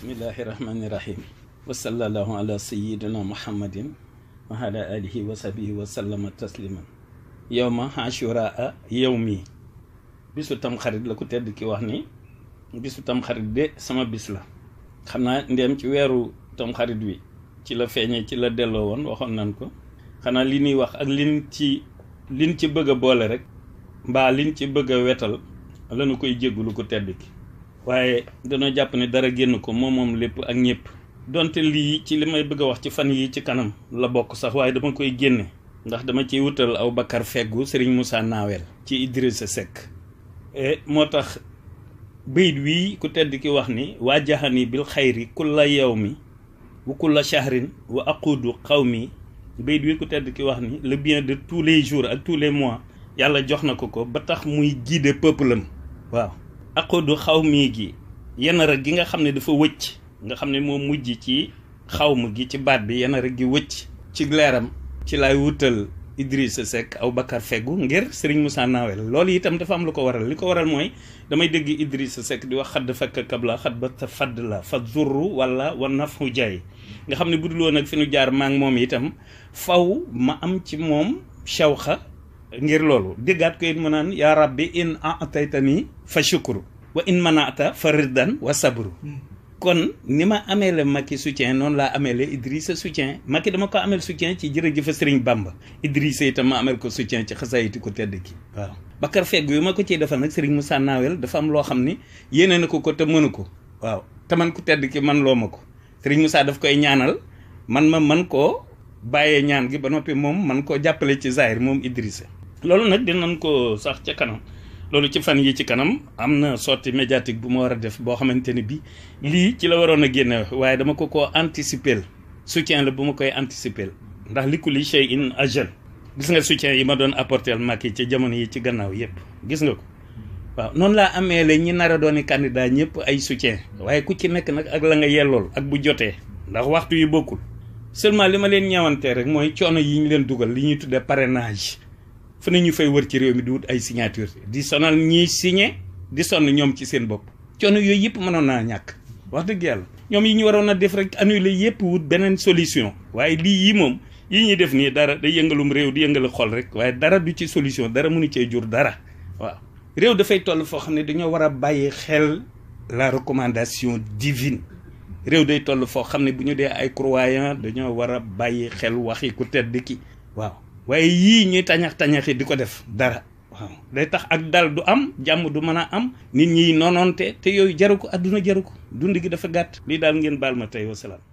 Bismillahirrahmanirrahim. Wassallallahu ala sayyidina muhammadin wa ala alihi wa sahbihi wa sallama tasliman yawma ashura yawmi bisu tam xarit la ko tedd ki wax ni bisu tam xarit de sama bis la Xamna ndem ci wéru tam xarit wi ci la feeñee ci la delo won waxon nan ko xanaa li ni wax ak lin ci lin ci bëgg boole rek ba lin ci bëgg wétal wetal koy jéggu lu ko tedd ki waaye danoo jàpp ne dara génn ko moom moom lépp ak ñëpp donte lii ci li may bëgg a wax ci fan yi ci kanam la bokk sax waaye dama koy génne ndax dama ciy wutal aw Bakar Feggu Serigne Moussa Nawel ci Idrissa Seck e, moo tax bayit wii ku tedd ki wax ni waa yi bil xayri kulla mi wa kulla shahrin wa aqudu qawmi bayit wii ku tedd ki wax ni le bien de tous les jours ak tous les mois yàlla jox na ko ko ba tax muy guider peuple am waaw aqudu xaw mii gi yenara gi nga xam ne dafa wëcc nga xam ne moo mujj ci xawma gi ci baat bi yenara gi wëcc ci leeram ci laay wutal sa Seck aw Bakar Feggu ngir Serigne Moussa Nawel loolu itam dafa am lu ko waral li ko waral mooy damay dégg Idrissa Seck di wax xadd fekk kab la xadd ba fadd la fa zurru wala wa nafu jaay nga xam ne bu nag woon fi nu jaar maa moom itam faw ma am ci moom shawxa ngir loolu déggaat ko it mu naan yaa rabbi in ataytani fa shukru wa in manata fa riddan wa sabru hmm. kon ni ma amee la Macky soutien noonu laa amee la Idrissa soutien Macky dama ko amel soutien ci jërëjëf Serigne Bamba Idrissa itam ma amel ko soutien ci xasaayiti ko tedd ki waaw Bakar Fegg yu ma ko ciy defal nag Serigne Moussa Nawel dafa am loo xam ni yéene na ko ko te mënu ko waaw te man ku tedd ki man loo ma ko Serigne Moussa daf koy ñaanal man ma man koo bàyyee ñaan gi ba noppi moom man koo jàppale ci Zahir moom Idrissa loolu nag dinañ ko sax ca kanam loolu ci fan yi ci kanam am na sortie médiatique bu ma war a def boo xamante ne bi lii ci la waroon a génne waaye dama ko koo anticiper soutien la bu ma koy anticiper ndax li ku li chey in agel gis nga soutien yi ma doon apporter Macky ci jamono yi ci gannaaw yëpp gis nga ko waaw noonu laa amee la ñi nar a dooni candidat ñëpp ay soutien waaye ku ci nekk nag ak la nga yellool ak bu jotee ndax waxtu yi bokkul seulement li ma leen ñeewantee rek mooy coono yi ñu leen dugal li ñuy tuddee parrainage fu ne ñu fay war ci réew mi di wut ay signature di sonal ñi signe di sonn ñoom ci seen bopp coono yooyu yëpp mënoon naa ñàkk wax dëgg yàlla ñoom yi ñu waroon a def rek annulé yëpp wut beneen solution waaye lii yi moom yi ñuy def nii dara day yëngalum réew di yëngal xol rek waaye dara du ci solution dara mënu cee jur dara waaw réew dafay toll foo xam ne dañoo war a bàyyi xel la recommandation divine réew day toll foo xam ne bu ñu dee ay croyant dañoo war a bàyyi xel waxi ku tedd ki waaw waaye yii ñuy tañax tañaxi di ko def dara waaw day tax ak dal du am jàmm du mën a am nit ñi noononte te yooyu jaru ko àdduna jaru ko dund gi dafa gàtt lii daal ngeen baal ma tey wasalaam